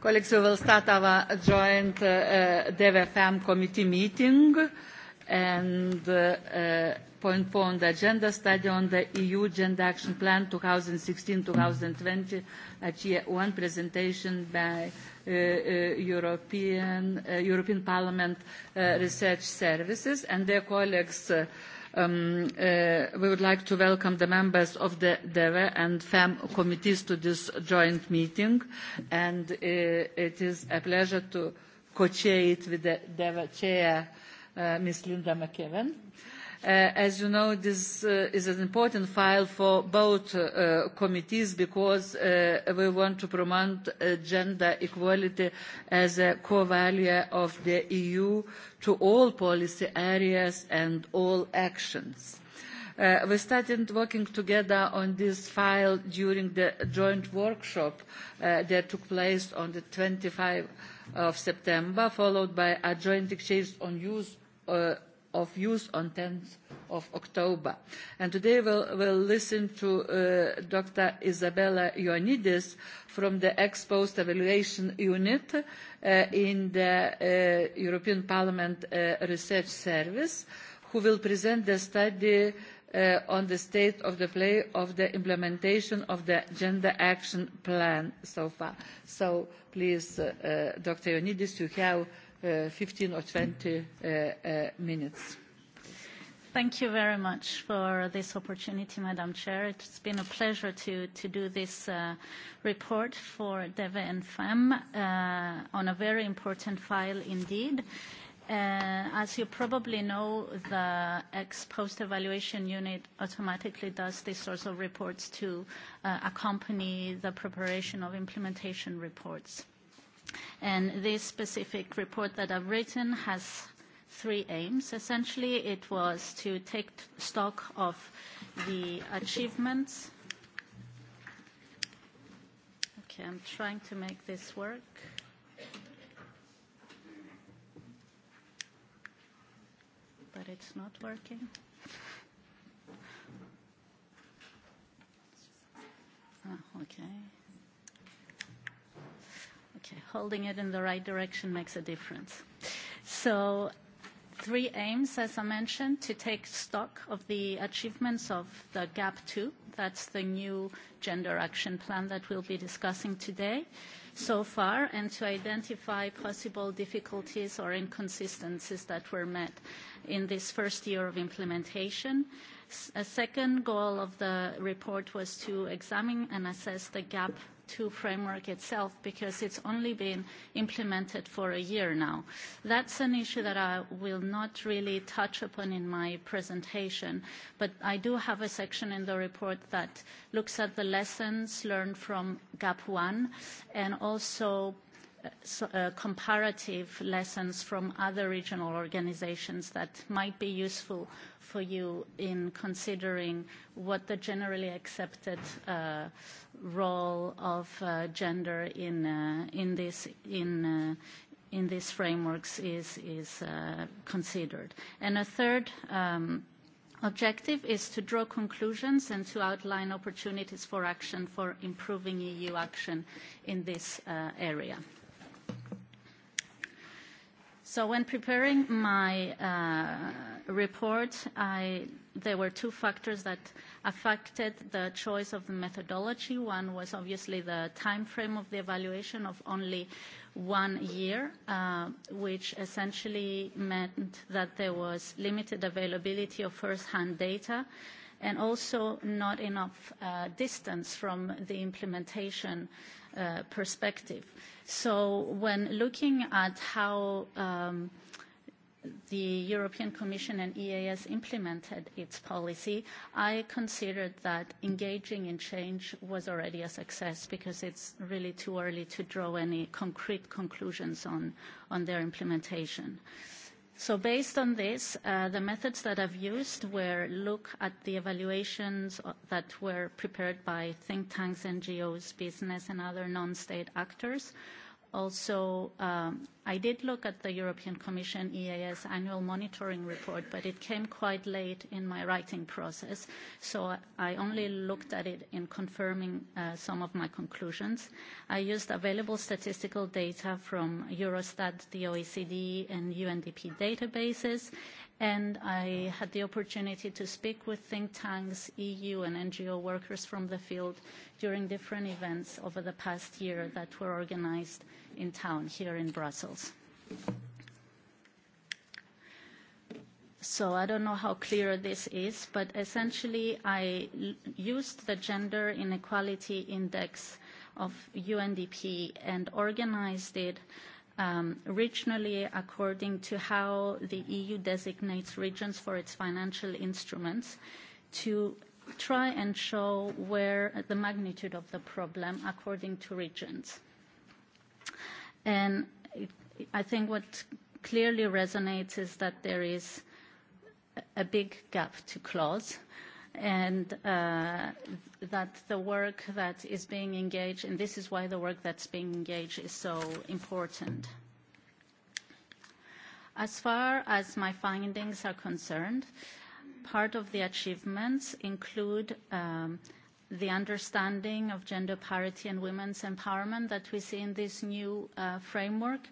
Colleagues, we will start our joint uh, uh, DEVFM committee meeting and uh, uh, point four on the agenda study on the EU Gender Action Plan 2016-2020 at year one presentation by uh, uh, European, uh, European Parliament uh, Research Services and their colleagues uh, Um, uh, we would like to welcome the members of the deve and femm committees to this joint meeting and uh, it is a pleasure to co chair it with the deve chair uh, ms linda mcavan. Uh, as you know this uh, is an important file for both uh, committees because uh, we want to promote uh, gender equality as a core value of the EU to all policy areas and all actions. Uh, we started working together on this file during the joint workshop uh, that took place on the 25th of September, followed by a joint exchange on use uh, of youth on 10th of October. And today we'll, we'll listen to uh, Dr. Isabella Ioannidis from the Expost Evaluation Unit uh, in the uh, European Parliament uh, Research Service, who will present the study uh, on the state of the play of the implementation of the Gender Action Plan so far. So please, uh, uh, Dr. Ioannidis, you have 15 uh, or 20 uh, uh, minutes. Thank you very much for this opportunity, Madam Chair. It's been a pleasure to do this report for DEVA and FEM on a very important file indeed. As you probably know, the ex-post evaluation unit automatically does these sorts of reports to accompany the preparation of implementation reports. And this specific report that I've written has three aims. Essentially, it was to take stock of the achievements. Okay, I'm trying to make this work. But it's not working. Oh, okay. Okay, holding it in the right direction makes a difference. So three aims, as I mentioned, to take stock of the achievements of the GAP II. That's the new gender action plan that we'll be discussing today so far, and to identify possible difficulties or inconsistencies that were met in this first year of implementation. A second goal of the report was to examine and assess the GAP II framework itself because it's only been implemented for a year now. That's an issue that I will not really touch upon in my presentation, but I do have a section in the report that looks at the lessons learned from GAP 1 and also uh, so, uh, comparative lessons from other regional organizations that might be useful for you in considering what the generally accepted uh, role of uh, gender in uh, in this in uh, in these frameworks is is uh, considered. And a third. Um, Objective is to draw conclusions and to outline opportunities for action for improving EU action in this uh, area. So when preparing my uh, report, I there were two factors that affected the choice of the methodology. One was obviously the time frame of the evaluation of only one year, uh, which essentially meant that there was limited availability of first-hand data and also not enough uh, distance from the implementation uh, perspective. So when looking at how um, the European Commission and EAS implemented its policy, I considered that engaging in change was already a success because it's really too early to draw any concrete conclusions on, on their implementation. So based on this, uh, the methods that I've used were look at the evaluations that were prepared by think tanks, NGOs, business and other non-state actors, Also, um, I did look at the European Commission EAS annual monitoring report, but it came quite late in my writing process, so I only looked at it in confirming uh, some of my conclusions. I used available statistical data from Eurostat, the OECD, and UNDP databases, and I had the opportunity to speak with think tanks, EU and NGO workers from the field during different events over the past year that were organized in town here in Brussels. So I don't know how clear this is, but essentially I used the Gender Inequality Index of UNDP and organized it uh, um, regionally according to how the EU designates regions for its financial instruments to try and show where the magnitude of the problem according to regions. And I think what clearly resonates is that there is a big gap to close and uh, that the work that is being engaged, and this is why the work that's being engaged is so important. As far as my findings are concerned, part of the achievements include um, the understanding of gender parity and women's empowerment that we see in this new uh, framework. Uh,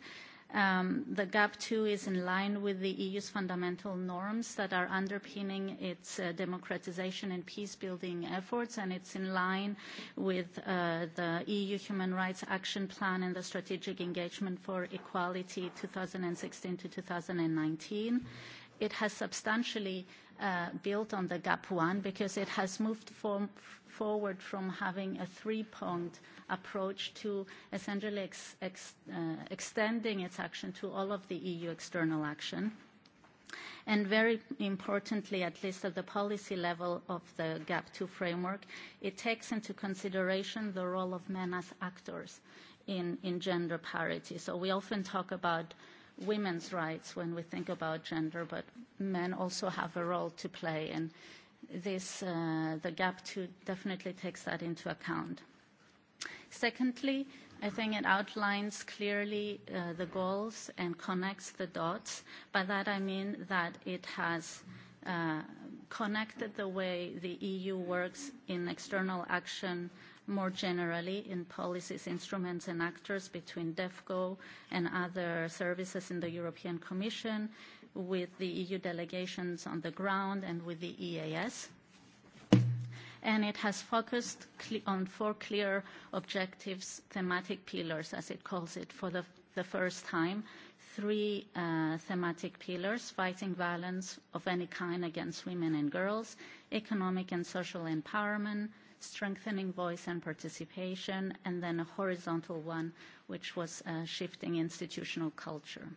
Um, the GAP2 is in line with the EU's fundamental norms that are underpinning its uh, democratization and peace-building efforts, and it's in line with uh, the EU Human Rights Action Plan and the Strategic Engagement for Equality 2016 to 2019. It has substantially uh, built on the GAP1 because it has moved forward from having a three-pronged approach to essentially uh, extending its action to all of the EU external action. Very importantly, at least at the policy level of the GAP II framework, it takes into consideration the role of men as actors in gender parity. We often talk about women's rights when we think about gender, but men also have a role to play this, uh, the gap two definitely takes that into account. Secondly, I think it outlines clearly uh, the goals and connects the dots. By that, I mean that it has uh, connected the way the EU works in external action, more generally in policies, instruments, and actors between DEFCO and other services in the European Commission, with the EU delegations on the ground and with the EAS. It has focused on four clear objectives, thematic pillars, as it calls it, for the first time. Three uh, thematic pillars: fighting violence of any kind against women and girls, economic and social empowerment, strengthening voice and participation, and then a horizontal one, which was uh, shifting institutional culture.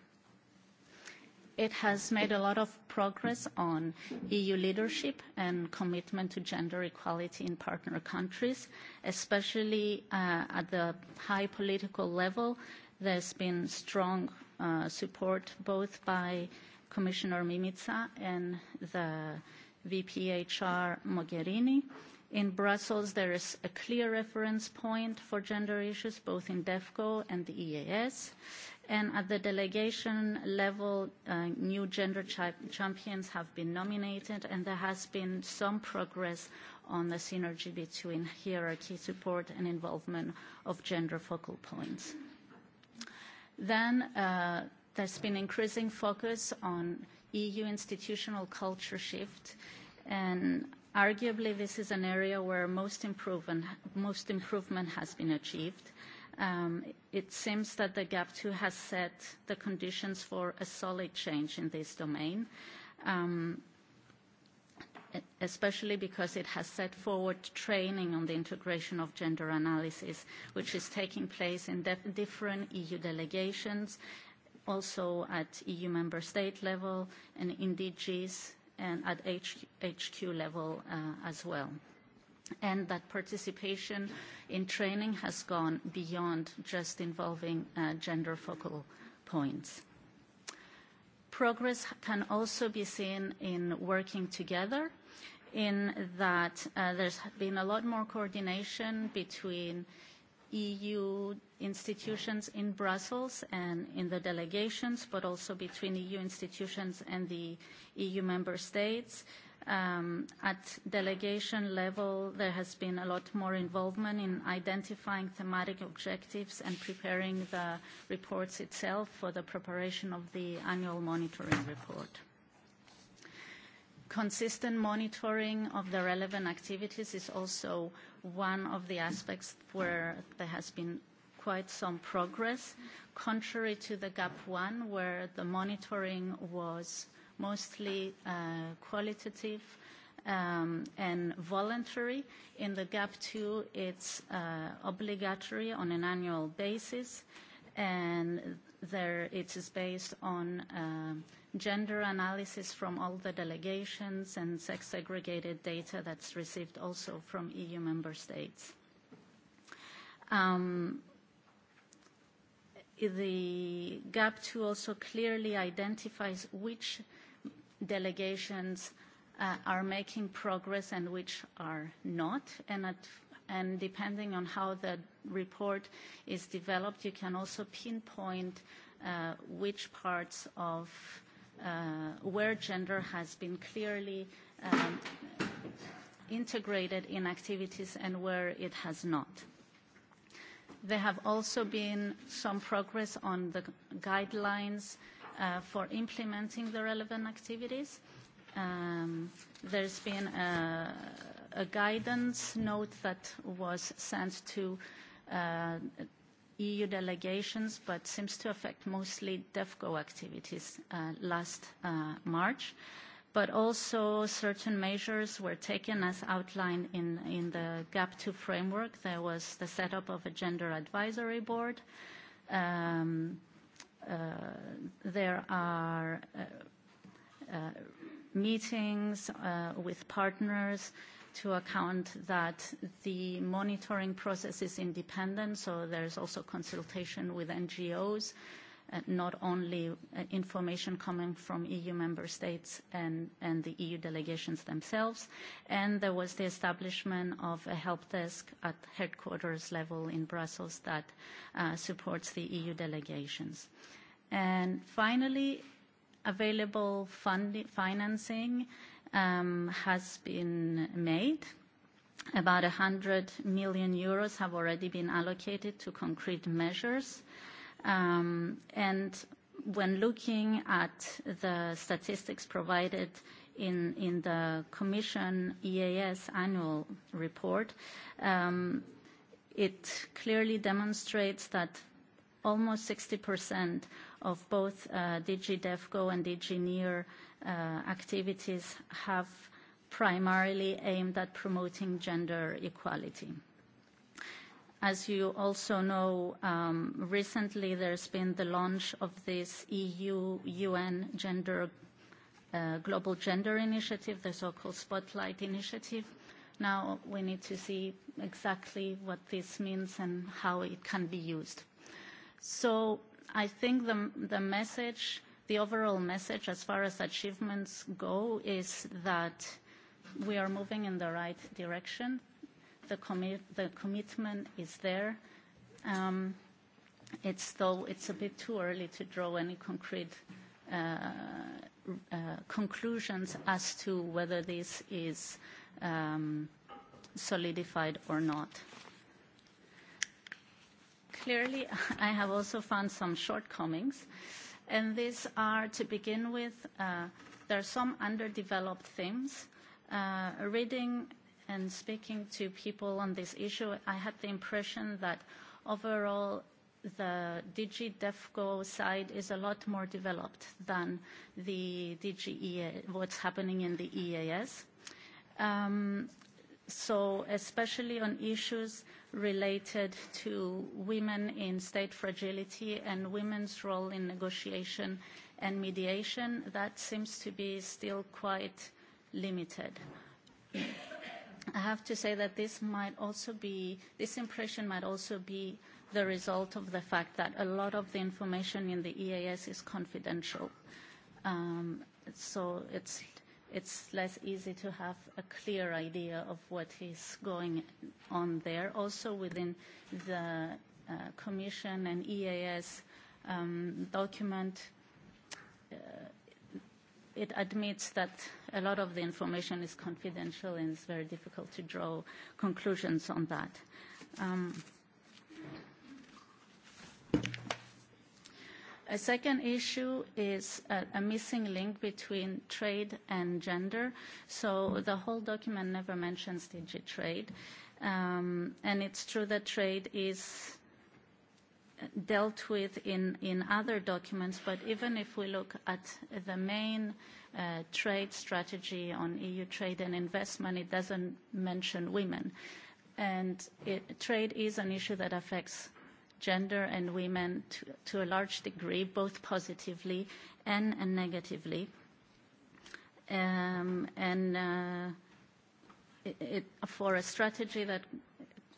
It has made a lot of progress on EU leadership and commitment to gender equality in partner countries, especially uh, at the high political level. There's been strong uh, support both by Commissioner Mimica and the VP HR, Mogherini. In Brussels, there is a clear reference point for gender issues, both in DEFCO and the EAS and at the delegation level, uh, new gender ch champions have been nominated, and there has been some progress on the synergy between hierarchy support and involvement of gender focal points. Then uh, there's been increasing focus on EU institutional culture shift, and arguably this is an area where most improvement, most improvement has been achieved. Um, it seems that the GAP2 has set the conditions for a solid change in this domain, um, especially because it has set forward training on the integration of gender analysis, which is taking place in different EU delegations, also at EU member state level and in DGs and at HQ level, uh, as well and that participation in training has gone beyond just involving uh, gender focal points. Progress can also be seen in working together in that uh, there's been a lot more coordination between EU institutions in Brussels and in the delegations, but also between EU institutions and the EU member states. Uh, Um, at delegation level, there has been a lot more involvement in identifying thematic objectives and preparing the reports itself for the preparation of the annual monitoring report. Consistent monitoring of the relevant activities is also one of the aspects where there has been quite some progress. Contrary to the GAP1, where the monitoring was mostly uh, qualitative um, and voluntary. In the GAP2, it's uh, obligatory on an annual basis, and there it is based on uh, gender analysis from all the delegations and sex-segregated data that's received also from EU member states. Um, the GAP2 also clearly identifies which uh, delegations uh, are making progress and which are not. And depending on how the report is developed, you can also pinpoint uh, which parts of uh, where gender has been clearly um, integrated in activities and where it has not. There have also been some progress on the guidelines Uh, for implementing the relevant activities. Um, there's been a guidance note that was sent to uh, EU delegations, but seems to affect mostly DEFCO activities uh, last March. But also certain measures were taken as outlined in the GAP II framework. There was the setup of a gender advisory board, and um, Uh, there are uh, uh, meetings with partners to account that the monitoring process is independent, so there's also consultation with NGOs. Uh, not only uh, information coming from EU member states and, and the EU delegations themselves. And there was the establishment of a help desk at headquarters level in Brussels that uh, supports the EU delegations. And finally, available fund- financing um, has been made. About 100 million euros have already been allocated to concrete measures. Um, when looking at the statistics provided in the commission EAS annual report, um, it clearly demonstrates that almost 60% of both uh, DigiDevGo and DigiNear uh, activities have primarily aimed at promoting gender equality. As you also know, um, recently there's been the launch of this EU-UN uh, Global Gender Initiative, the so-called Spotlight Initiative. Now we need to see exactly what this means and how it can be used. I think the message, the overall message as far as achievements go, is that we are moving in the right direction the commitment is there. Um, it's still, it's a bit too early to draw any concrete uh, uh, conclusions as to whether this is um, solidified or not. Clearly, I have also found some shortcomings, and these are, to begin with, uh, there are some underdeveloped themes. Reading and speaking to people on this issue, I had the impression that overall the DigiDefco DEFCO side is a lot more developed than the DGEA, what's happening in the EAS. Um, so especially on issues related to women in state fragility and women's role in negotiation and mediation, that seems to be still quite limited. I have to say that this might also be this impression might also be the result of the fact that a lot of the information in the EAS is confidential, um, so it's it's less easy to have a clear idea of what is going on there. Also within the uh, Commission and EAS um, document. Uh, it admits that a lot of the information is confidential and it's very difficult to draw conclusions on that. Um, a second issue is a, a missing link between trade and gender. So the whole document never mentions DG trade. Um, and it's true that trade is dealt with in, in other documents, but even if we look at the main uh, trade strategy on EU trade and investment, it doesn't mention women. And it, trade is an issue that affects gender and women to, to a large degree, both positively and, and negatively. Um, and uh, it, it, for a strategy that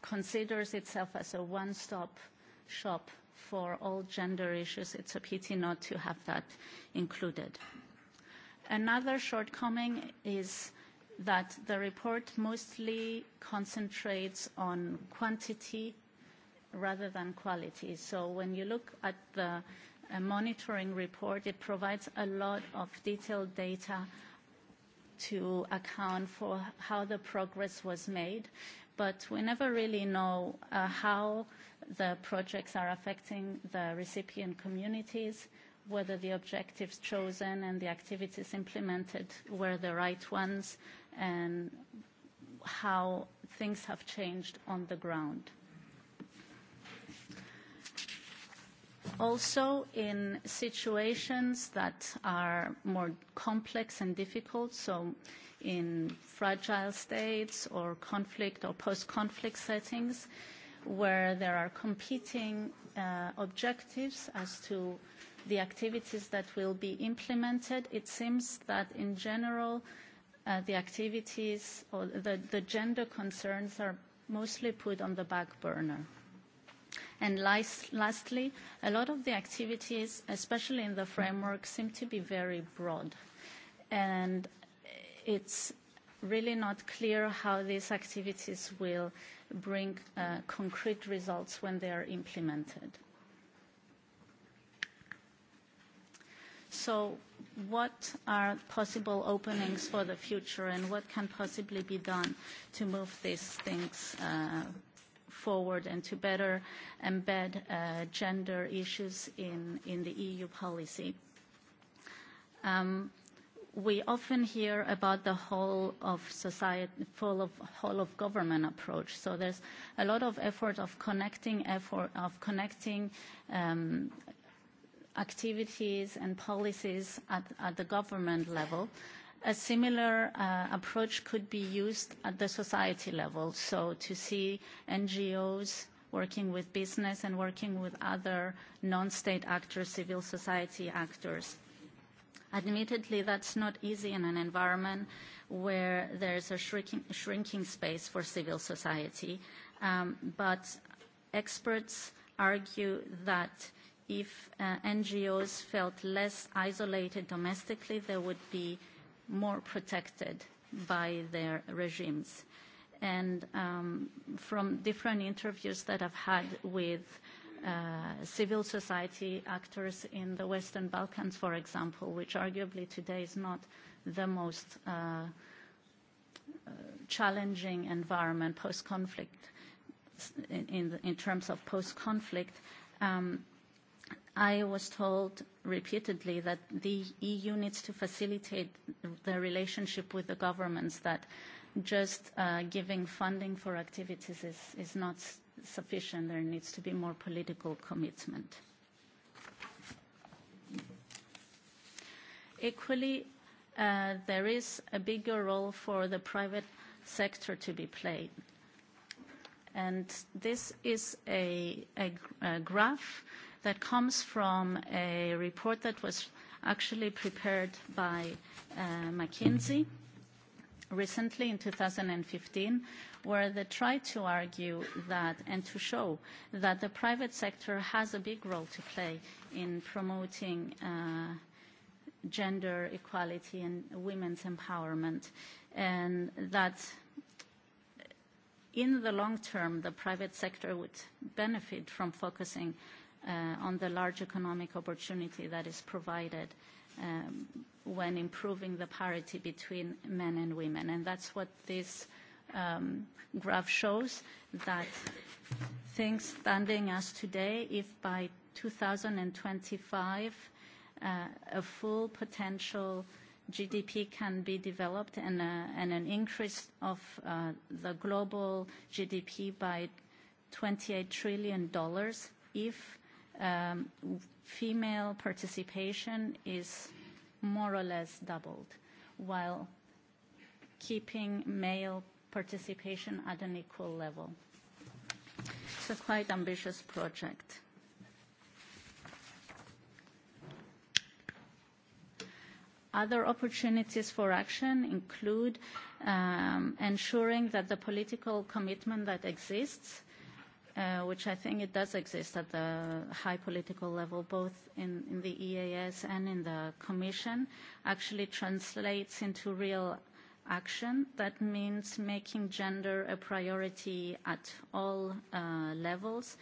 considers itself as a one-stop shop for all gender issues. It's a pity not to have that included. Another shortcoming is that the report mostly concentrates on quantity rather than quality. So when you look at the a uh, monitoring report, it provides a lot of detailed data to account for how the progress was made, but we never really know uh, how the projects are affecting the recipient communities, whether the objectives chosen and the activities implemented were the right ones, and how things have changed on the ground. Also, in situations that are more complex and difficult, so in fragile states or conflict or post-conflict settings, where there are competing uh, objectives as to the activities that will be implemented. It seems that in general, uh, the activities or the gender concerns are mostly put on the back burner. And lastly, a lot of the activities, especially in the framework, seem to be very broad, and it's really not clear how these activities will bring uh, concrete results when they are implemented. So what are possible openings for the future, and what can possibly be done to move these things uh, forward and to better embed uh, gender issues in the EU policy? Um, we often hear about the whole of society full of whole of government approach so there's a lot of effort of connecting effort of connecting um, activities and policies at, at the government level a similar uh, approach could be used at the society level so to see NGOs working with business and working with other non-state actors civil society actors Admittedly, that's not easy in an environment where there is a shrinking, shrinking space for civil society. Um, but experts argue that if uh, NGOs felt less isolated domestically, they would be more protected by their regimes. And um, from different interviews that I've had with uh, Uh, civil society actors in the Western Balkans, for example, which arguably today is not the most uh, uh challenging environment post-conflict in, in, in terms of post-conflict, um, I was told repeatedly that the EU needs to facilitate the relationship with the governments, that just uh, giving funding for activities is, is not sufficient. There needs to be more political commitment. Equally, uh, there is a bigger role for the private sector to be played. And this is a, a, a graph that comes from a report that was actually prepared by uh, McKinsey. Mm-hmm recently in 2015 where they tried to argue that and to show that the private sector has a big role to play in promoting uh, gender equality and women's empowerment and that in the long term the private sector would benefit from focusing uh, on the large economic opportunity that is provided uh, Um, when improving the parity between men and women. And that's what this um, graph shows, that things standing as today, if by 2025, uh, a full potential GDP can be developed and uh, an increase of uh, the global GDP by $28 trillion, if um, female participation is more or less doubled, while keeping male participation at an equal level. It's a quite ambitious project. Other opportunities for action include um, ensuring that the political commitment that exists Uh, which I think it does exist at the high political level, both in, in the EAS and in the Commission, actually translates into real action. That means making gender a priority at all uh, levels.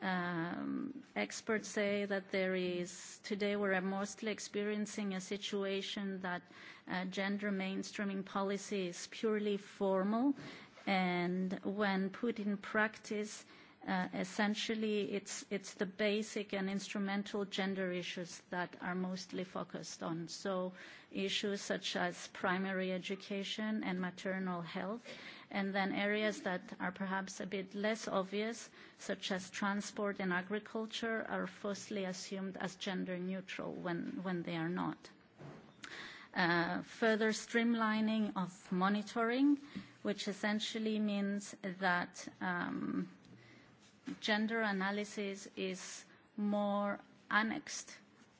Um, experts say that there is, today we're mostly experiencing a situation that uh, gender mainstreaming policy is purely formal and when put in practice, uh, Uh, essentially it's it's the basic and instrumental gender issues that are mostly focused on so issues such as primary education and maternal health and then areas that are perhaps a bit less obvious such as transport and agriculture are falsely assumed as gender neutral when when they are not uh, further streamlining of monitoring which essentially means that um, gender analysis is more annexed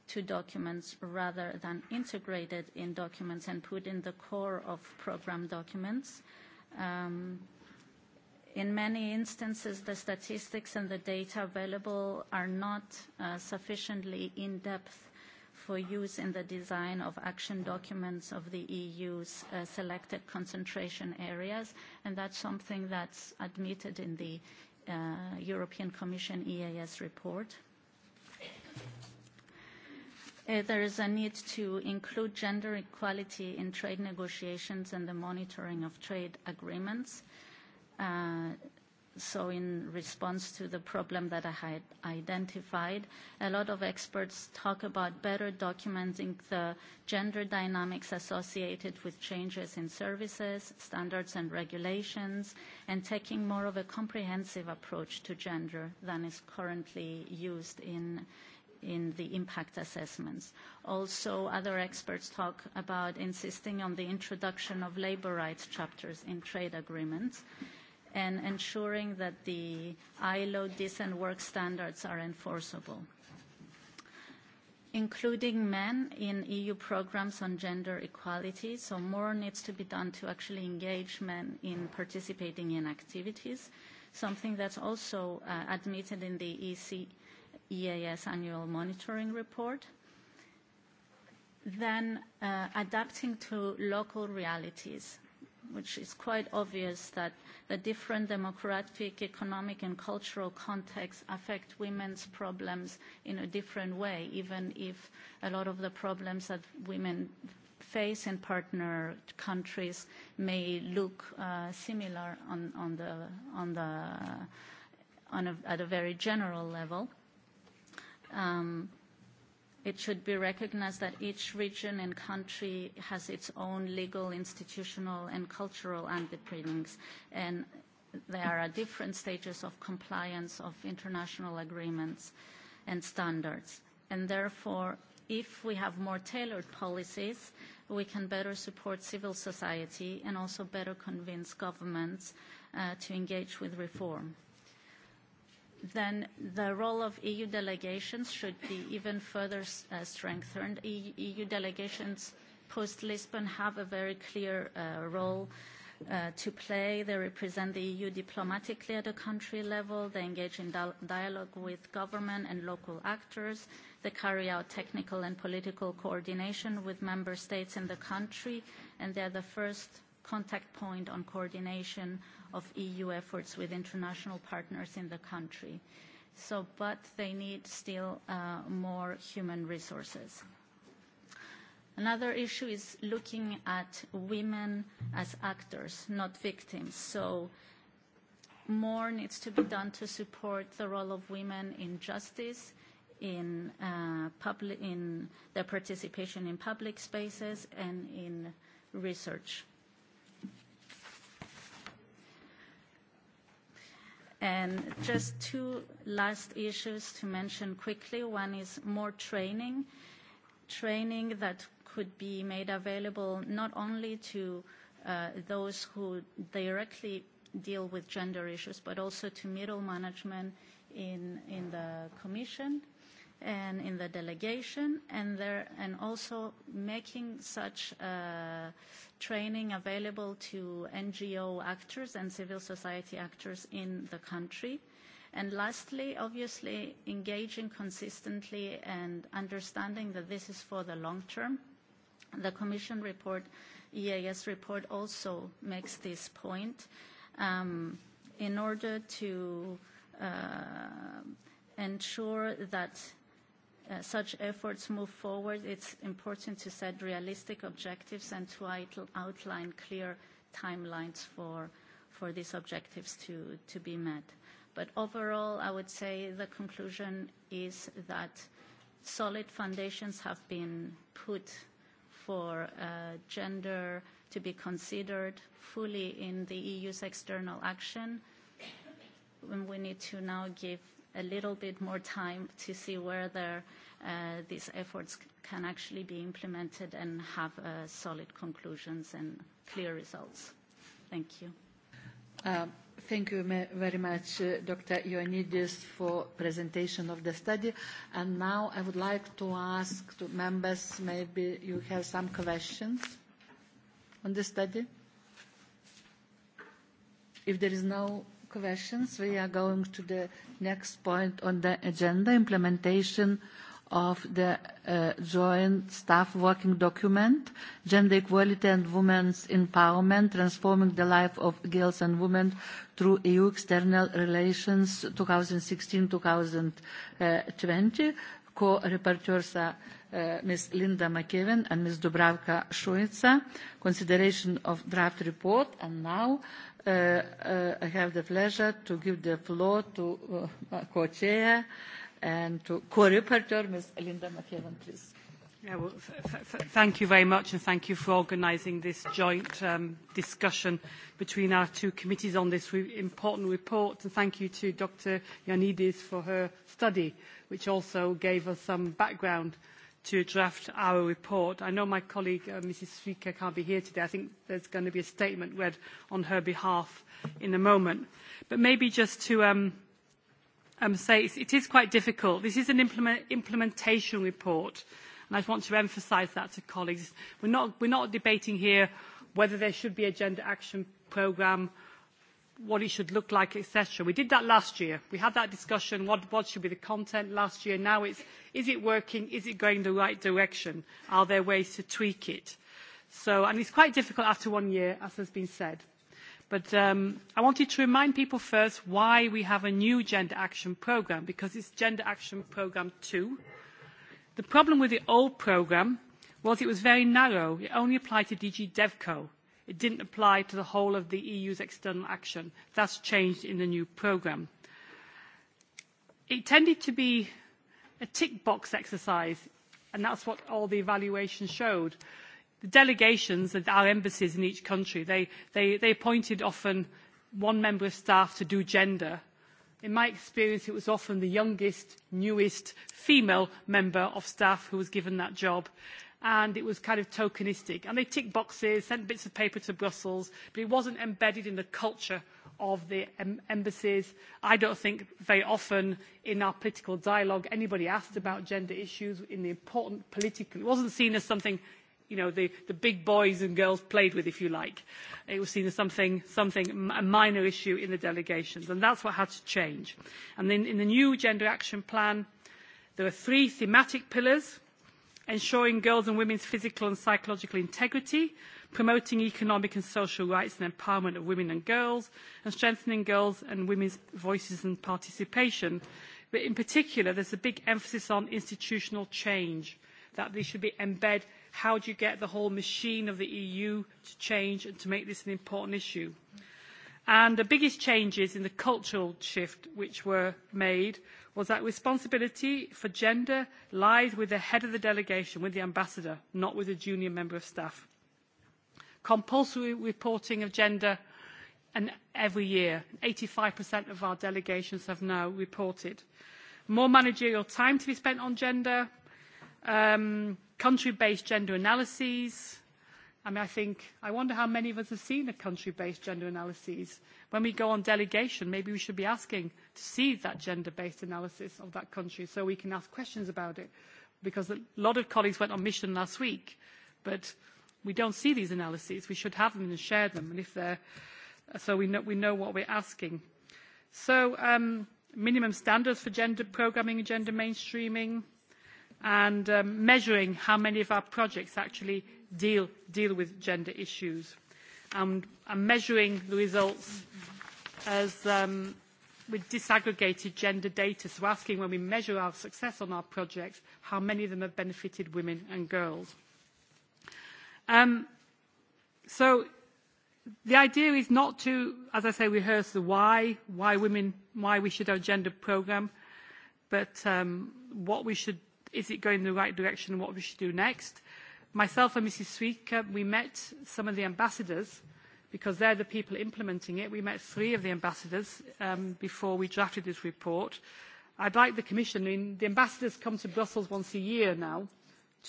to documents rather than integrated in documents and put in the core of program documents. Um, in many instances, the statistics and the data available are not uh, sufficiently in-depth for use in the design of action documents of the EU's uh, selected concentration areas, and that's something that's admitted in the Uh, European Commission EAS report. Uh, there is a need to include gender equality in trade negotiations and the monitoring of trade agreements. Uh, In response to the problem that I had identified, a lot of experts talk about better documenting the gender dynamics associated with changes in services, standards, and regulations, and taking more of a comprehensive approach to gender than is currently used in the impact assessments. Also, other experts talk about insisting on the introduction of labor rights chapters in trade agreements and ensuring that the ILO decent work standards are enforceable, including men in EU programs on gender equality. So more needs to be done to actually engage men in participating in activities, something that's also uh, admitted in the ECEAS annual monitoring report. Then, uh, adapting to local realities which is quite obvious that the different democratic, economic and cultural contexts affect women's problems in a different way, even if a lot of the problems that women face in partner countries may look uh, similar on, on the, on the, on a, at a very general level. Um, It should be recognized that each region and country has its own legal, institutional, and cultural underpinnings, and there are different stages of compliance of international agreements and standards. And therefore, if we have more tailored policies, we can better support civil society and also better convince governments uh, to engage with reform then the role of EU delegations should be even further uh, strengthened. E EU e delegations post-Lisbon have a very clear uh, role uh, to play. They represent the EU diplomatically at a country level. They engage in dialogue with government and local actors. They carry out technical and political coordination with member states in the country, and they're the first contact point on coordination of EU efforts with international partners in the country. So but they need still uh, more human resources. Another issue is looking at women as actors, not victims. So more needs to be done to support the role of women in justice, in uh, their participation in public spaces, and in research. And just two last issues to mention quickly. One is more training. Training that could be made available not only to uh, those who directly deal with gender issues, but also to middle management in the commission, and in the delegation and there and also making such uh, training available to NGO actors and civil society actors in the country. And lastly, obviously, engaging consistently and understanding that this is for the long term. The Commission report, EAS report, also makes this point. Um, in order to uh, ensure that Uh, such efforts move forward, it's important to set realistic objectives and to outline clear timelines for these objectives to be met. But overall, I would say the conclusion is that solid foundations have been put for uh, gender to be considered fully in the EU's external action. We need to now give a little bit more time to see whether uh, these efforts can actually be implemented and have uh, solid conclusions and clear results. Thank you. Uh, thank you very much, Dr. Ioannidis, for presentation of the study. Now I would like to ask to members, maybe you have some questions on this study? If there is no questions. We are going to the next point on the agenda, implementation of the uh, joint staff working document, Gender Equality and Women's Empowerment: Transforming the Life of Girls and Women through EU External Relations, 2016-2020. Co-rapporteurs are uh, Ms. Linda McEwen and Ms. Dubravka Šuica. Consideration of draft report. Now Uh, uh, I have the pleasure to give the floor to uh, co-chair and to co-reporter, Ms. Linda McKeown, please. Yeah, well, th- th- thank you very much, and thank you for organising this joint um, discussion between our two committees on this re- important report. And thank you to Dr. Yanidis for her study, which also gave us some background to draft our report. I know my colleague, uh, Mrs. Speaker, can't be here today. I think there's going to be a statement read on her behalf in a moment. But maybe just to um, um, say it's, it is quite difficult. This is an implement, implementation report, and I just want to emphasize that to colleagues. We're not, we're not debating here whether there should be a gender action programme what it should look like, etc. We did that last year. We had that discussion, what, what should be the content last year. Now it's, is it working? Is it going the right direction? Are there ways to tweak it? So, and it's quite difficult after one year, as has been said. But um, I wanted to remind people first why we have a new gender action program, because it's gender action program two. The problem with the old program was it was very narrow. It only applied to DG DevCo. It didn't apply to the whole of the EU's external action. That's changed in the new program. It tended to be a tick box exercise, and that's what all the evaluation showed. The delegations at our embassies in each country, they appointed often one member of staff to do gender. In my experience, it was often the youngest, newest female member of staff who was given that job and it was kind of tokenistic. And they ticked boxes, sent bits of paper to Brussels, but it wasn't embedded in the culture of the em- embassies. I don't think very often in our political dialogue anybody asked about gender issues in the important political... It wasn't seen as something you know, the, the big boys and girls played with, if you like. It was seen as something, something a minor issue in the delegations, and that's what had to change. And then in the new gender action plan, there are three thematic pillars – ensuring girls and women's physical and psychological integrity, promoting economic and social rights and empowerment of women and girls, and strengthening girls' and women's voices and participation. But in particular, there's a big emphasis on institutional change, that they should be embed. How do you get the whole machine of the EU to change and to make this an important issue? And the biggest changes in the cultural shift which were made was that responsibility for gender lies with the head of the delegation, with the ambassador, not with a junior member of staff. Compulsory reporting of gender and every year. 85% of our delegations have now reported. More managerial time to be spent on gender, um, country-based gender analyses. I mean, I think, I wonder how many of us have seen a country-based gender analyses when we go on delegation, maybe we should be asking to see that gender-based analysis of that country so we can ask questions about it. Because a lot of colleagues went on mission last week, but we don't see these analyses. We should have them and share them and if they're, so we know, we know what we're asking. So um, minimum standards for gender programming and gender mainstreaming and um, measuring how many of our projects actually deal, deal with gender issues and, um, and measuring the results as um, with disaggregated gender data. So asking when we measure our success on our projects, how many of them have benefited women and girls. Um, so the idea is not to, as I say, rehearse the why, why women, why we should have a gender programme, but um, what we should, is it going in the right direction and what we should do next. Myself and Mrs. Sweeker, uh, we met some of the ambassadors because they're the people implementing it. We met three of the ambassadors um, before we drafted this report. I'd like the Commission, I mean, the ambassadors come to Brussels once a year now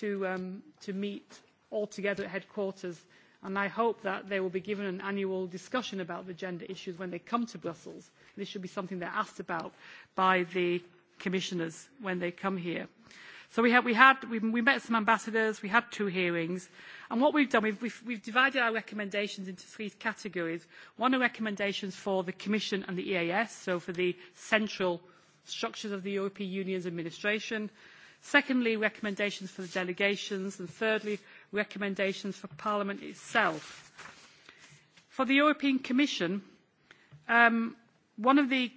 to, um, to meet all together at headquarters, and I hope that they will be given an annual discussion about the gender issues when they come to Brussels. This should be something they're asked about by the commissioners when they come here. So we had, we had we, we met some ambassadors, we had two hearings, and what we've done, we've, we've, we've divided our recommendations into three categories. One are recommendations for the Commission and the EAS, so for the central structures of the European Union's administration. Secondly, recommendations for the delegations, and thirdly, recommendations for Parliament itself. For the European Commission, um, one of the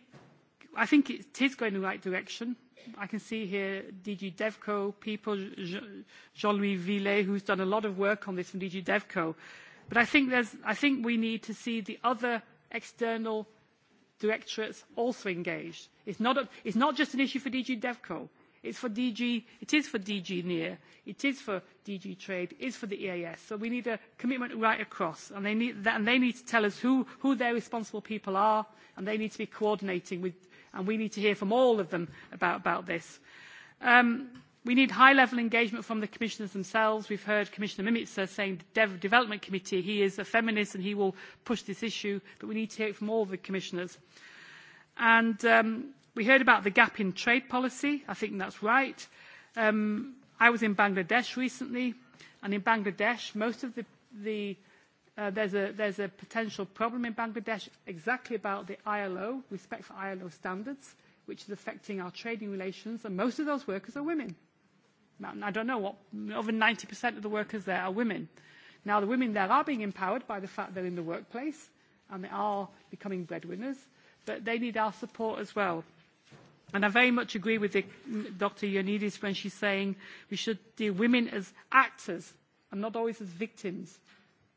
I think it is going in the right direction. I can see here DG DevCo people, Jean-Louis Villet, who's done a lot of work on this from DG DevCo. But I think, there's, I think we need to see the other external directorates also engaged. It's not, a, it's not just an issue for DG DevCo. It's for DG, it is for DG NIR, it is for DG Trade, it is for the EAS. So we need a commitment right across. And they need, and they need to tell us who, who their responsible people are, and they need to be coordinating with, and we need to hear from all of them about, about this. Um, we need high level engagement from the commissioners themselves. We've heard Commissioner Mimitzer saying the Dev Development Committee, he is a feminist and he will push this issue, but we need to hear it from all the commissioners. And um, we heard about the gap in trade policy. I think that's right. Um, I was in Bangladesh recently, and in Bangladesh, most of the, the Uh, there's a there's a potential problem in Bangladesh exactly about the ILO, respect for ILO standards, which is affecting our trading relations, and most of those workers are women. I don't know what over 90% of the workers there are women. Now the women there are being empowered by the fact they're in the workplace and they are becoming breadwinners, but they need our support as well. And I very much agree with the, Dr. Ioannidis when she's saying we should deal women as actors and not always as victims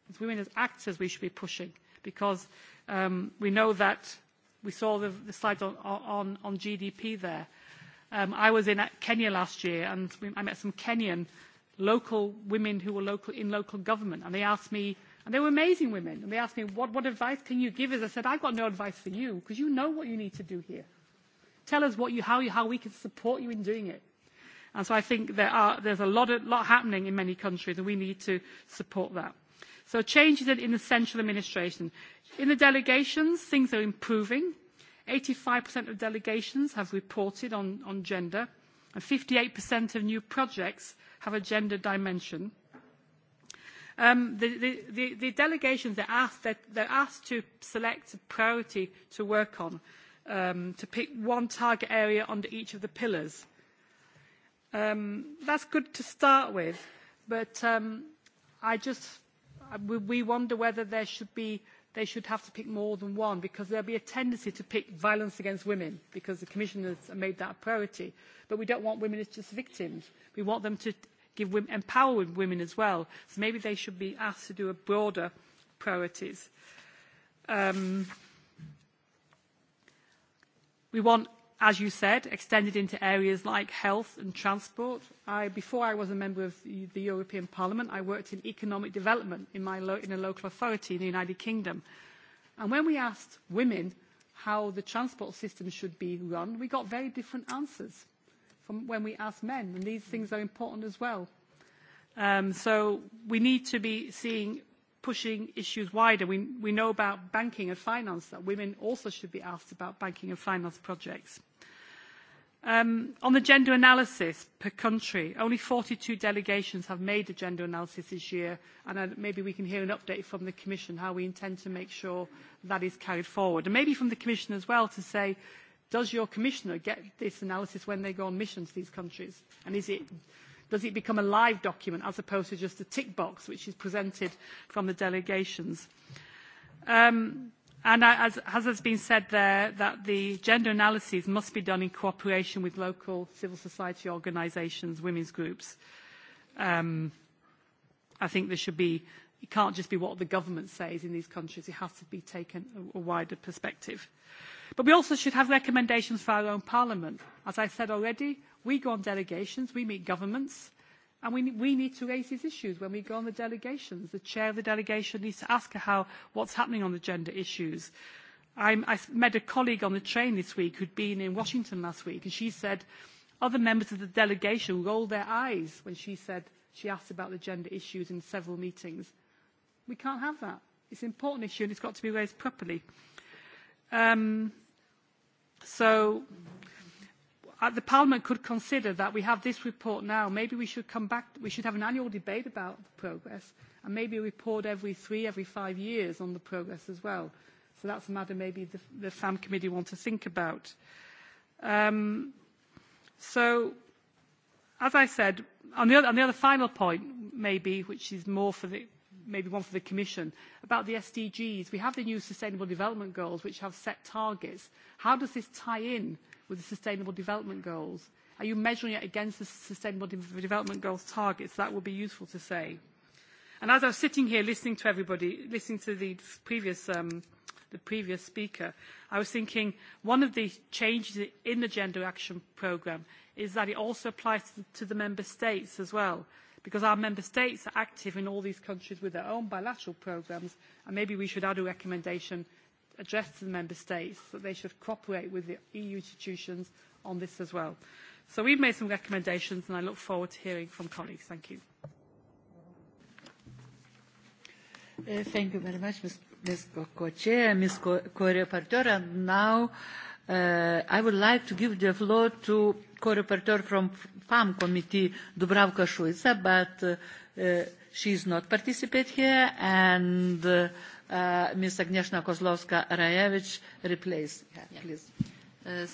as women as actors we should be pushing because um, we know that we saw the, the slides on, on, on GDP there. Um, I was in Kenya last year and we, I met some Kenyan local women who were local, in local government and they asked me, and they were amazing women, and they asked me, what, what advice can you give us? I said, I've got no advice for you because you know what you need to do here. Tell us what you, how, you, how we can support you in doing it. And so I think there are, there's a lot, of, lot happening in many countries and we need to support that. So changes in the central administration. In the delegations, things are improving. 85% of delegations have reported on, on gender, and 58% of new projects have a gender dimension. Um, the, the, the, the delegations, are asked, they're, they're asked to select a priority to work on, um, to pick one target area under each of the pillars. Um, that's good to start with, but um, I just we wonder whether there should be, they should have to pick more than one because there'll be a tendency to pick violence against women because the Commission has made that a priority. But we don't want women as just victims. We want them to give women, empower women as well. So maybe they should be asked to do a broader priorities. Um, we want as you said, extended into areas like health and transport. I, before I was a member of the European Parliament, I worked in economic development in, my lo- in a local authority in the United Kingdom. And when we asked women how the transport system should be run, we got very different answers from when we asked men. And these things are important as well. Um, so we need to be seeing pushing issues wider. We, we know about banking and finance, that women also should be asked about banking and finance projects. Um, on the gender analysis per country, only 42 delegations have made a gender analysis this year, and uh, maybe we can hear an update from the Commission how we intend to make sure that is carried forward. And maybe from the Commission as well to say, does your Commissioner get this analysis when they go on mission to these countries? And is it does it become a live document as opposed to just a tick box which is presented from the delegations? Um, and as, as has been said there, that the gender analyses must be done in cooperation with local civil society organisations, women's groups. Um, I think there should be, it can't just be what the government says in these countries, it has to be taken a, a wider perspective. But we also should have recommendations for our own parliament. As I said already, We go on delegations, we meet governments, and we need to raise these issues when we go on the delegations. The chair of the delegation needs to ask her what's happening on the gender issues. I met a colleague on the train this week who'd been in Washington last week, and she said other members of the delegation rolled their eyes when she said she asked about the gender issues in several meetings. We can't have that. It's an important issue, and it's got to be raised properly. Um, so uh, the parliament could consider that we have this report now maybe we should come back we should have an annual debate about the progress and maybe a report every 3 every 5 years on the progress as well so that's a matter maybe the, the sam committee want to think about um, so as i said on the other, on the other final point maybe which is more for the maybe one for the Commission, about the SDGs. We have the new Sustainable Development Goals, which have set targets. How does this tie in with the Sustainable Development Goals? Are you measuring it against the Sustainable De- Development Goals targets? That would be useful to say. And as I was sitting here listening to everybody, listening to the previous, um, the previous speaker, I was thinking one of the changes in the Gender Action Programme is that it also applies to the, to the member states as well because our member states are active in all these countries with their own bilateral programmes, and maybe we should add a recommendation addressed to the member states that they should cooperate with the EU institutions on this as well. So we've made some recommendations, and I look forward to hearing from colleagues. Thank you. Uh, thank you very much, Ms. Ms. Co-Chair, Ms. Co-Rapporteur, and now. Uh, I would like to give the floor to co-rapporteur from FAM committee, Dubravka Šuica, but uh, uh, she's not participate here, and Ms. Agnieszka Kozłowska-Rajewicz replace her. Yeah. Please.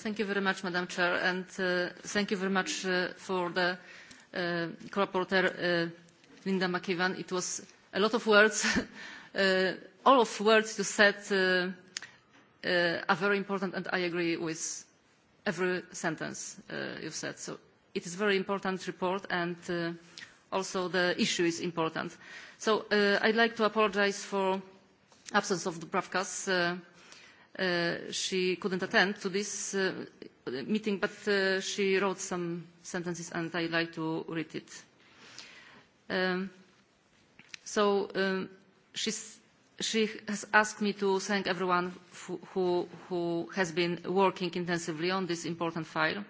Thank you very much, Madam Chair, and thank you very much for the co-rapporteur, Linda McEwan. It was a lot of words. All of words you said uh, are very important, and I agree with every sentence uh, you've said. So it is a very important report, and uh, also the issue is important. So uh, I'd like to apologize for absence of Dubravka's. Uh, uh, she couldn't attend to this uh, meeting, but uh, she wrote some sentences, and I'd like to read it. Um, so um, she's she has asked me to thank everyone who, who has been working intensively on this important file.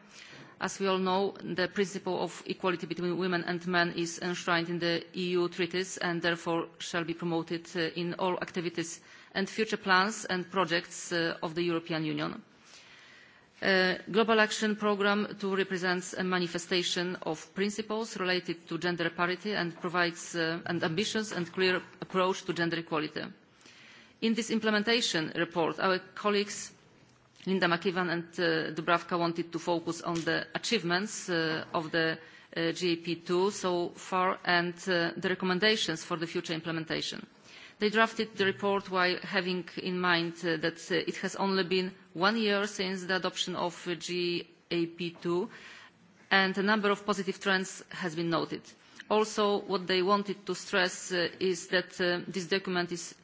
As we all know, the principle of equality between women and men is enshrined in the EU treaties and therefore shall be promoted uh, in all activities and future plans and projects uh, of the European Union. The uh, Global Action Programme too represents a manifestation of principles related to gender parity and provides uh, an ambitious and clear approach to gender equality in this implementation report our colleagues linda mcavan and uh, dubravka wanted to focus on the achievements uh, of the uh, gap2 so far and uh, the recommendations for the future implementation they drafted the report while having in mind uh, that uh, it has only been one year since the adoption of uh, gap2 and a number of positive trends has been noted also what they wanted to stress uh, is that uh, this document is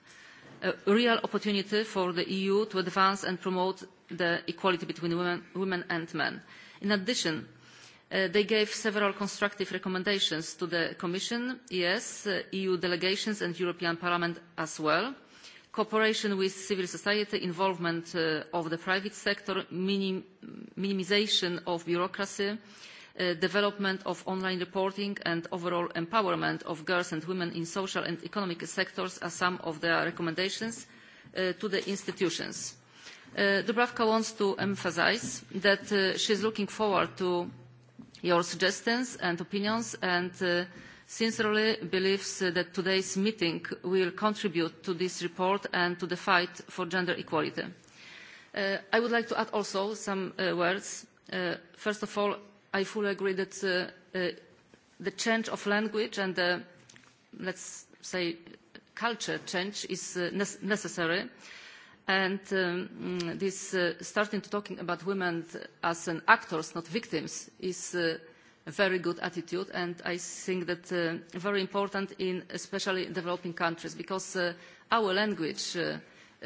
a real opportunity for the EU to advance and promote the equality between women, women and men. In addition, uh, they gave several constructive recommendations to the Commission, yes, uh, EU delegations and European Parliament as well. Cooperation with civil society, involvement uh, of the private sector, minim minimization of bureaucracy, uh, Uh, development of online reporting and overall empowerment of girls and women in social and economic sectors are some of their recommendations uh, to the institutions. Uh, dubravka wants to emphasise that she is looking forward to your suggestions and opinions and sincerely believes that today's meeting will contribute to this report and to the fight for gender equality. i would like to add also some words. first of all I fully agree that uh, uh, the change of language and, uh, let's say, culture change is uh, ne necessary. And um, this uh, starting to talking about women as an actors, not victims, is uh, a very good attitude. And I think that uh, very important in especially developing countries, because uh, our language uh,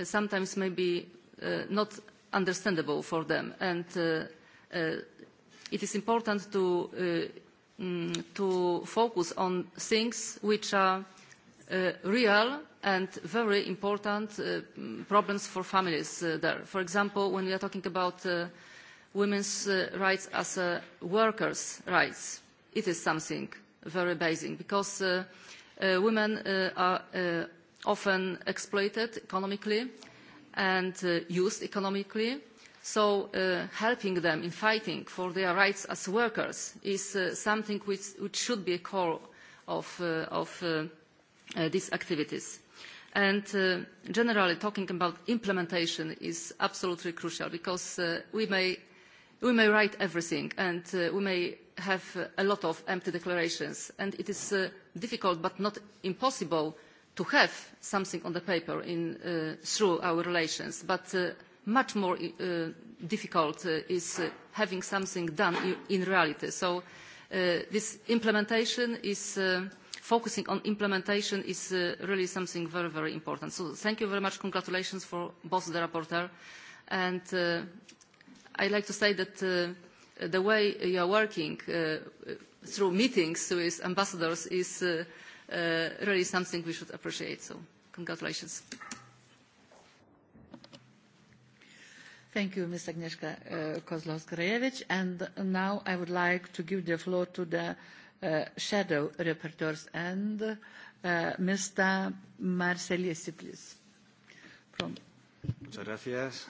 sometimes may be uh, not understandable for them. And uh, uh, it is important to, uh, mm, to focus on things which are uh, real and very important uh, mm, problems for families uh, there. For example, when we are talking about uh, women's uh, rights as uh, workers' rights, it is something very basic because uh, uh, women uh, are uh, often exploited economically and uh, used economically uh, So uh, helping them in fighting for their rights as workers is uh, something which, which should be a core of, uh, of uh, uh, these activities. And uh, generally talking about implementation is absolutely crucial because uh, we, may, we may write everything and uh, we may have uh, a lot of empty declarations and it is uh, difficult but not impossible to have something on the paper in, uh, through our relations. But, uh, much more uh, difficult uh, is uh, having something done in, in reality. So uh, this implementation is, uh, focusing on implementation is uh, really something very, very important. So thank you very much. Congratulations for both the rapporteur. And uh, I'd like to say that uh, the way you are working uh, through meetings with ambassadors is uh, uh, really something we should appreciate. So congratulations. Thank you. Thank you, Ms. Agnieszka uh, Kozłowska-Rejewicz. And now I would like to give the floor to the uh, shadow rapporteurs and uh, Mr. Marcelliesi, please. From. Muchas gracias.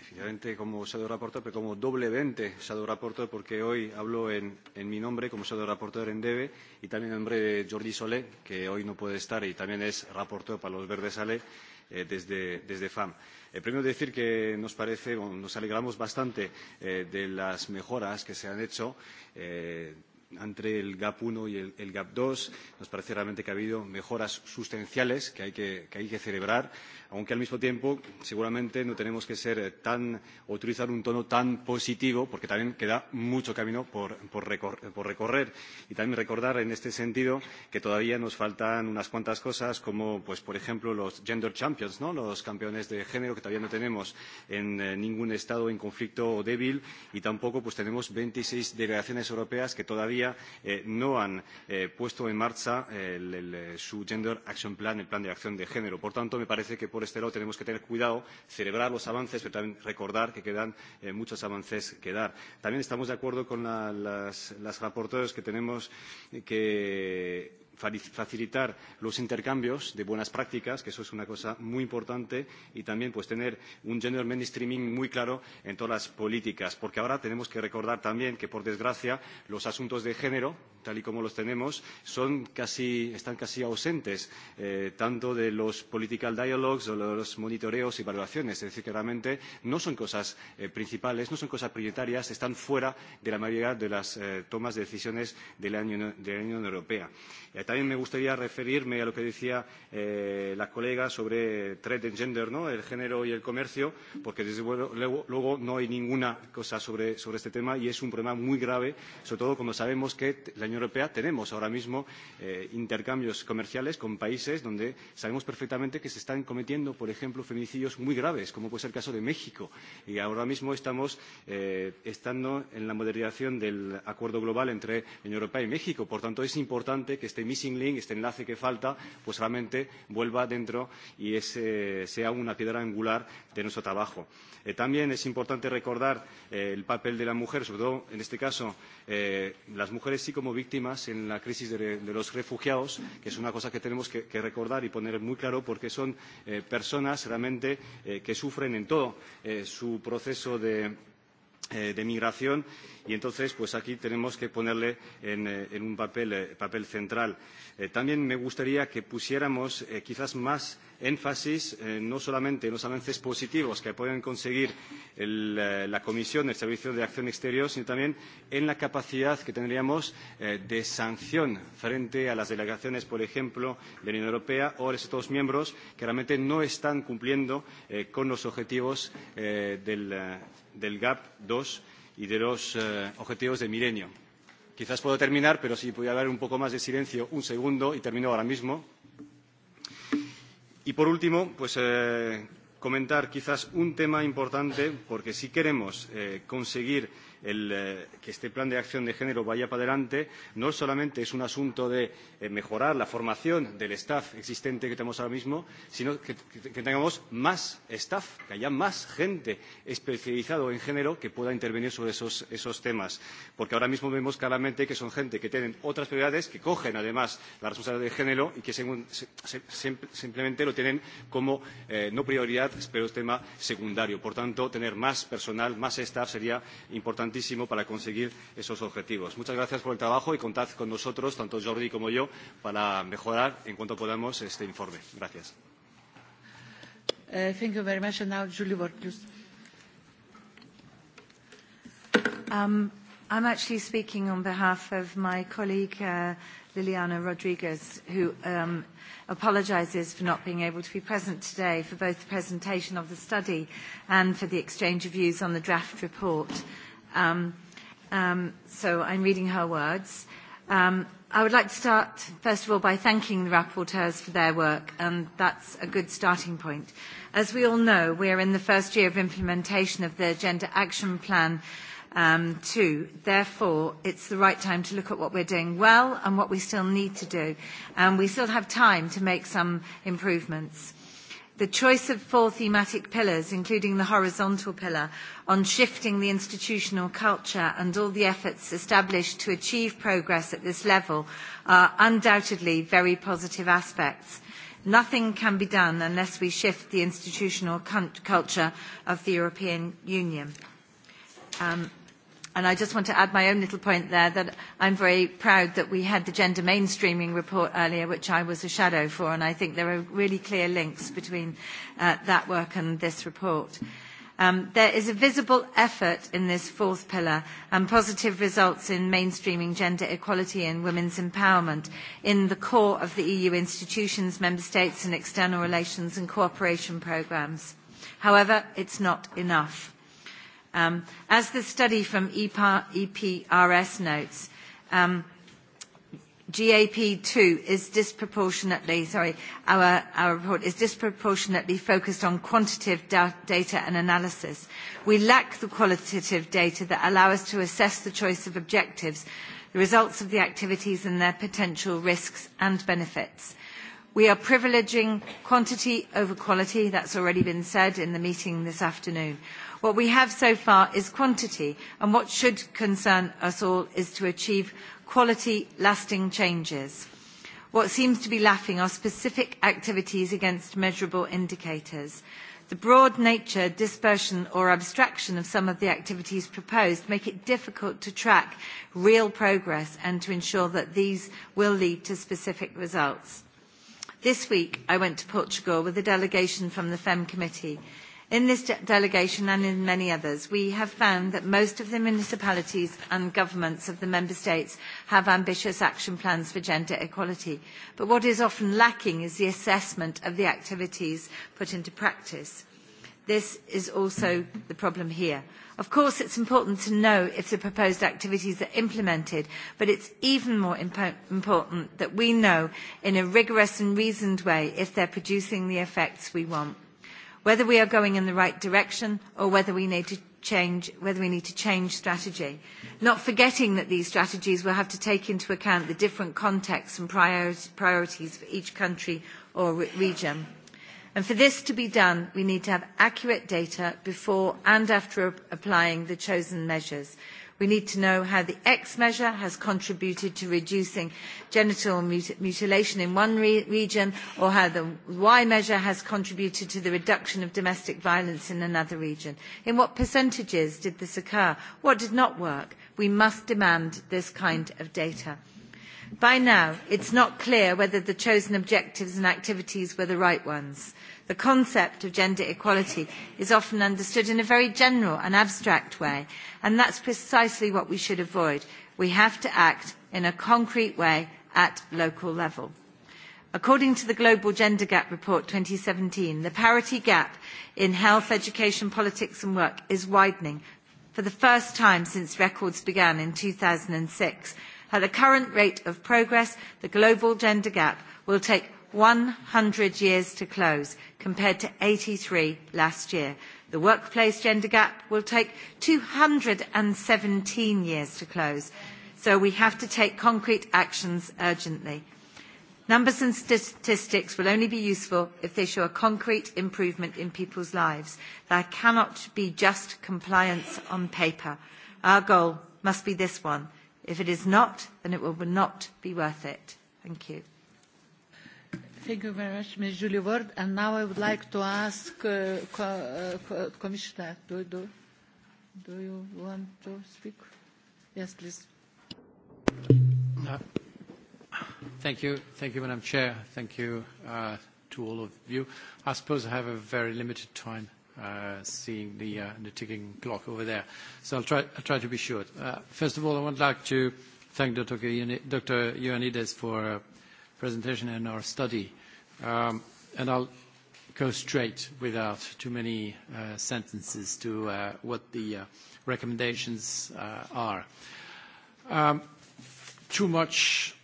Efectivamente, como shadow rapporteur, pero como doblemente shadow rapporteur, porque hoy hablo en mi nombre como shadow rapporteur en DEVE y también en nombre de Jordi Solé, que hoy no puede estar y también es rapporteur para los Verdes-ALE eh, desde, desde FAM. Eh, primero decir que nos parece, nos alegramos bastante eh, de las mejoras que se han hecho. Eh, entre el GAP 1 y el, el GAP 2 nos parece realmente que ha habido mejoras sustanciales que hay que, que, hay que celebrar aunque al mismo tiempo seguramente no tenemos que ser eh, tan o utilizar un tono tan positivo porque también queda mucho camino por, por, recor por recorrer y también recordar en este sentido que todavía nos faltan unas cuantas cosas como pues por ejemplo los gender champions ¿no? los campeones de género que todavía no tenemos en eh, ningún estado en conflicto débil y tampoco pues tenemos 26 delegaciones europeas que todavía eh, no han eh, puesto en marcha el, el, eh, su gender action plan el plan de acción de género por tanto me parece que pues, por este lado tenemos que tener cuidado, celebrar los avances, pero también recordar que quedan eh, muchos avances que dar. También estamos de acuerdo con la, las, las rapporteurs que tenemos eh, que facilitar los intercambios de buenas prácticas, que eso es una cosa muy importante, y también pues, tener un gender mainstreaming muy claro en todas las políticas. Porque ahora tenemos que recordar también que, por desgracia, los asuntos de género, tal y como los tenemos, son casi, están casi ausentes, eh, tanto de los political dialogues o los monitoreos y evaluaciones. Es decir, que realmente no son cosas eh, principales, no son cosas prioritarias, están fuera de la mayoría de las eh, tomas de decisiones de la Unión, de la Unión Europea. Eh, también me gustaría referirme a lo que decía eh, la colega sobre trade and gender, ¿no? el género y el comercio, porque desde luego, luego, luego no hay ninguna cosa sobre, sobre este tema y es un problema muy grave, sobre todo cuando sabemos que la Unión Unión Europea tenemos ahora mismo eh, intercambios comerciales con países donde sabemos perfectamente que se están cometiendo, por ejemplo, feminicidios muy graves, como puede ser el caso de México. Y ahora mismo estamos eh, estando en la modernización del acuerdo global entre Unión Europea y México. Por tanto, es importante que este missing link, este enlace que falta, pues realmente vuelva dentro y ese sea una piedra angular de nuestro trabajo. Eh, también es importante recordar eh, el papel de la mujer, sobre todo en este caso eh, las mujeres sí como víctimas en la crisis de, de los refugiados, que es una cosa que tenemos que, que recordar y poner muy claro porque son eh, personas realmente eh, que sufren en todo eh, su proceso de, Eh, de migración y entonces pues aquí tenemos que ponerle en, eh, en un papel, eh, papel central. Eh, también me gustaría que pusiéramos eh, quizás más énfasis eh, no solamente en los avances positivos que pueden conseguir el, la Comisión, el Servicio de Acción Exterior, sino también en la capacidad que tendríamos eh, de sanción frente a las delegaciones, por ejemplo, de la Unión Europea o de los Estados miembros que realmente no están cumpliendo eh, con los objetivos eh, del. Eh, del GAP 2 y de los eh, objetivos del milenio. Quizás puedo terminar, pero si sí, pudiera dar un poco más de silencio, un segundo, y termino ahora mismo. Y por último, pues eh, comentar quizás un tema importante, porque si queremos eh, conseguir el, eh, que este plan de acción de género vaya para adelante no solamente es un asunto de eh, mejorar la formación del staff existente que tenemos ahora mismo, sino que, que, que tengamos más staff, que haya más gente especializada en género que pueda intervenir sobre esos, esos temas. Porque ahora mismo vemos claramente que son gente que tienen otras prioridades, que cogen además la responsabilidad de género y que según, se, se, simplemente lo tienen como eh, no prioridad, pero tema secundario. Por tanto, tener más personal, más staff sería importante importantísimo para conseguir esos objetivos. Muchas gracias por el trabajo y contad con nosotros, tanto Jordi como yo, para mejorar en cuanto podamos este informe. Gracias. Eh, thank you very much. And now Julie Wortlust. Um, I'm actually speaking on behalf of my colleague uh, Liliana Rodriguez, who um, apologizes for not being able to be present today for both the presentation of the study and for the exchange of views on the draft report. Um, um, so I'm reading her words. Um, I would like to start, first of all, by thanking the rapporteurs for their work, and that's a good starting point. As we all know, we are in the first year of implementation of the Gender Action Plan um, 2. Therefore, it's the right time to look at what we're doing well and what we still need to do. And um, we still have time to make some improvements. The choice of four thematic pillars, including the horizontal pillar on shifting the institutional culture and all the efforts established to achieve progress at this level, are undoubtedly very positive aspects. Nothing can be done unless we shift the institutional culture of the European Union. Um, and I just want to add my own little point there that I'm very proud that we had the gender mainstreaming report earlier, which I was a shadow for, and I think there are really clear links between uh, that work and this report. Um, there is a visible effort in this fourth pillar and positive results in mainstreaming gender equality and women's empowerment in the core of the EU institutions, member states and external relations and cooperation programs. However, it's not enough. Um, as the study from EPRS e notes, um, GAP2 is disproportionately, sorry, our report is disproportionately focused on quantitative data and analysis. We lack the qualitative data that allow us to assess the choice of objectives, the results of the activities, and their potential risks and benefits. We are privileging quantity over quality. That's already been said in the meeting this afternoon. What we have so far is quantity, and what should concern us all is to achieve quality, lasting changes. What seems to be lacking are specific activities against measurable indicators. The broad nature, dispersion or abstraction of some of the activities proposed make it difficult to track real progress and to ensure that these will lead to specific results. This week I went to Portugal with a delegation from the FEM committee. In this de- delegation and in many others, we have found that most of the municipalities and governments of the member states have ambitious action plans for gender equality. But what is often lacking is the assessment of the activities put into practice. This is also the problem here. Of course, it's important to know if the proposed activities are implemented, but it's even more impo- important that we know in a rigorous and reasoned way if they're producing the effects we want whether we are going in the right direction or whether we need to change whether we need to change strategy not forgetting that these strategies will have to take into account the different contexts and priorities for each country or region and for this to be done we need to have accurate data before and after applying the chosen measures we need to know how the x measure has contributed to reducing genital mutilation in one region or how the y measure has contributed to the reduction of domestic violence in another region. in what percentages did this occur? what did not work? we must demand this kind of data. By now, it's not clear whether the chosen objectives and activities were the right ones the concept of gender equality is often understood in a very general and abstract way and that's precisely what we should avoid. we have to act in a concrete way at local level. according to the global gender gap report 2017 the parity gap in health education politics and work is widening for the first time since records began in 2006. at the current rate of progress the global gender gap will take 100 years to close, compared to 83 last year. The workplace gender gap will take 217 years to close, so we have to take concrete actions urgently. Numbers and statistics will only be useful if they show a concrete improvement in people's lives. They cannot be just compliance on paper. Our goal must be this one. If it is not, then it will not be worth it. Thank you. Thank you very much, Ms. Julie Ward. And now I would like to ask uh, co uh, Commissioner, do, do, do you want to speak? Yes, please. Uh, thank you. Thank you, Madam Chair. Thank you uh, to all of you. I suppose I have a very limited time uh, seeing the, uh, the ticking clock over there. So I'll try, I'll try to be short. Uh, first of all, I would like to thank Dr. Ioannidis for a presentation and our study. Um, and I'll go straight without too many uh, sentences to uh, what the uh, recommendations are. Um, too much,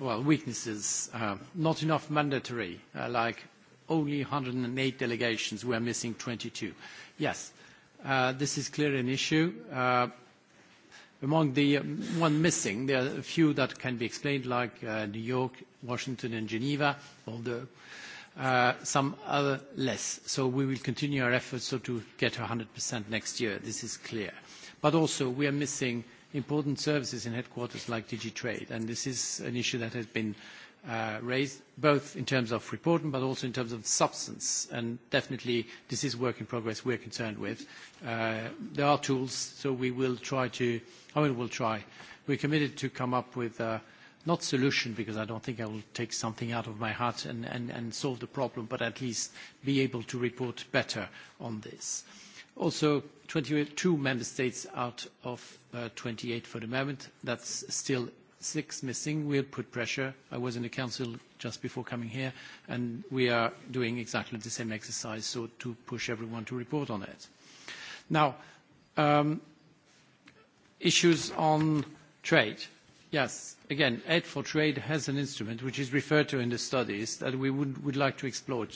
well, weaknesses, not enough mandatory, like only 108 delegations, we are missing 22. Yes, this is clearly an issue. Among the one missing, there are a few that can be explained, like New York Washington and Geneva, although uh, some other less. We will continue our efforts so to get to 100% next year. This is clear. Also, we are missing important services in headquarters like Digitrade, and this is an issue that has been uh, raised both in terms of reporting but also in terms of substance. Definitely, this is work in progress we're concerned with. Uh, there are tools, so we will try to. I mean, we'll try. We're committed to come up with not solution, because I don't think I will take something out of my heart and, and, and solve the problem, but at least be able to report better on this. Also, 22 member states out of uh, 28 for the moment. That's still six missing. We'll put pressure. I was in the council just before coming here, and we are doing exactly the same exercise, so to push everyone to report on it. Now, um, issues on trade. Yes. Again, aid for trade has an instrument which is referred to in the studies that we would like to explore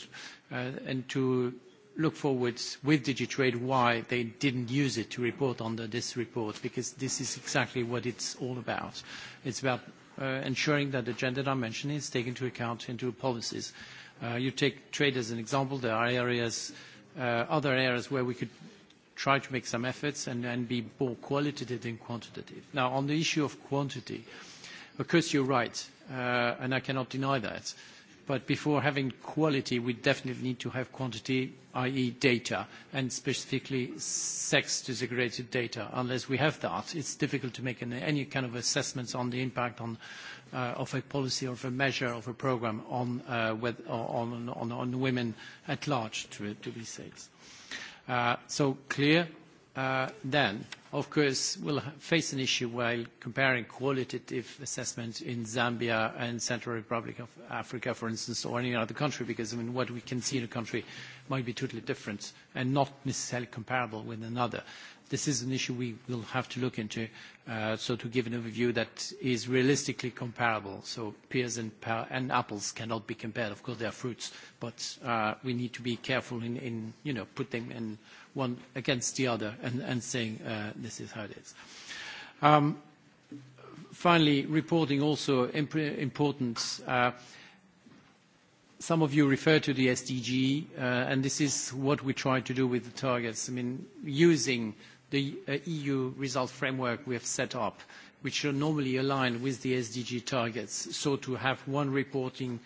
uh, and to look forward with Digitrade why they didn't use it to report under this report, because this is exactly what it's all about. It's about uh, ensuring that the gender dimension is taken into account into policies. Uh, you take trade as an example. There are other areas where we could try to make some efforts and be more qualitative than quantitative. Now, on the issue of quantity, of course, you're right, uh, and I cannot deny that. But before having quality, we definitely need to have quantity, i.e., data, and specifically sex-segregated data. Unless we have that, it's difficult to make any kind of assessments on the impact uh, of a policy, of a measure, of a program on uh, women at large, to be safe. Uh, so clear. Uh, then, of course, we'll face an issue while comparing qualitative assessment in Zambia and Central Republic of Africa, for instance, or any other country, because, I mean, what we can see in a country might be totally different and not necessarily comparable with another this is an issue we will have to look into, uh, so to give an overview that is realistically comparable. So pears and apples cannot be compared. Of course, they are fruits, but uh, we need to be careful in, you know, putting in one against the other and saying, uh, "This is how it is." Um, finally, reporting also important. Some of you refer to the SDG, and this is what we try to do with the targets. I mean, using the uh, EU result framework we have set up, which should normally align with the SDG targets, so to have one reporting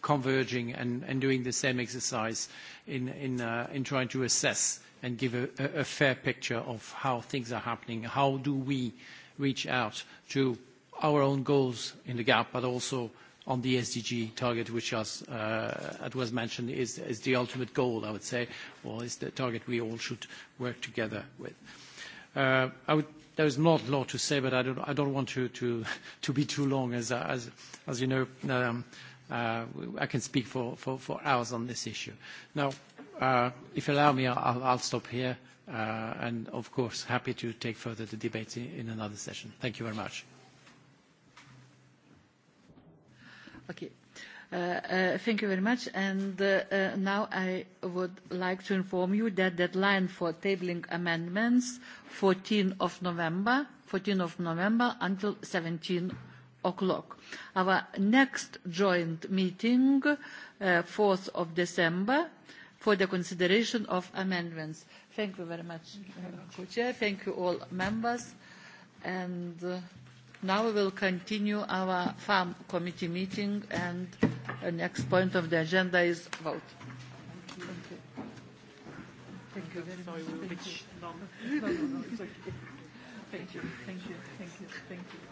converging and doing the same exercise uh, in trying to assess and give a fair picture of how things are happening. How do we reach out to our own goals in the gap, but also on the ESG target, which as uh, was mentioned, is the ultimate goal, I would say, or is the target we all should work together with. Uh, There's not a lot to say, but I don't want to be too long as you know, um, uh, I can speak for hours on this issue. Now, if you allow me, I'll stop here, and of course, happy to take further the debate in another session. Thank you very much. Okay. Uh, uh, thank you very much. Uh, now I would like to inform you that deadline for tabling amendments, 14th of November, 14th of November until 17 o'clock. Our next joint meeting, 4th of December, for the consideration of amendments. Thank you very much, Madam Co-Chair. Thank you all members, and thank you. Now we will continue our farm committee meeting, and the next point of the agenda is vote. Thank you. Thank you very much. Sorry, which number? No, no, no. It's okay. Thank you. Thank you. Thank you. Thank you.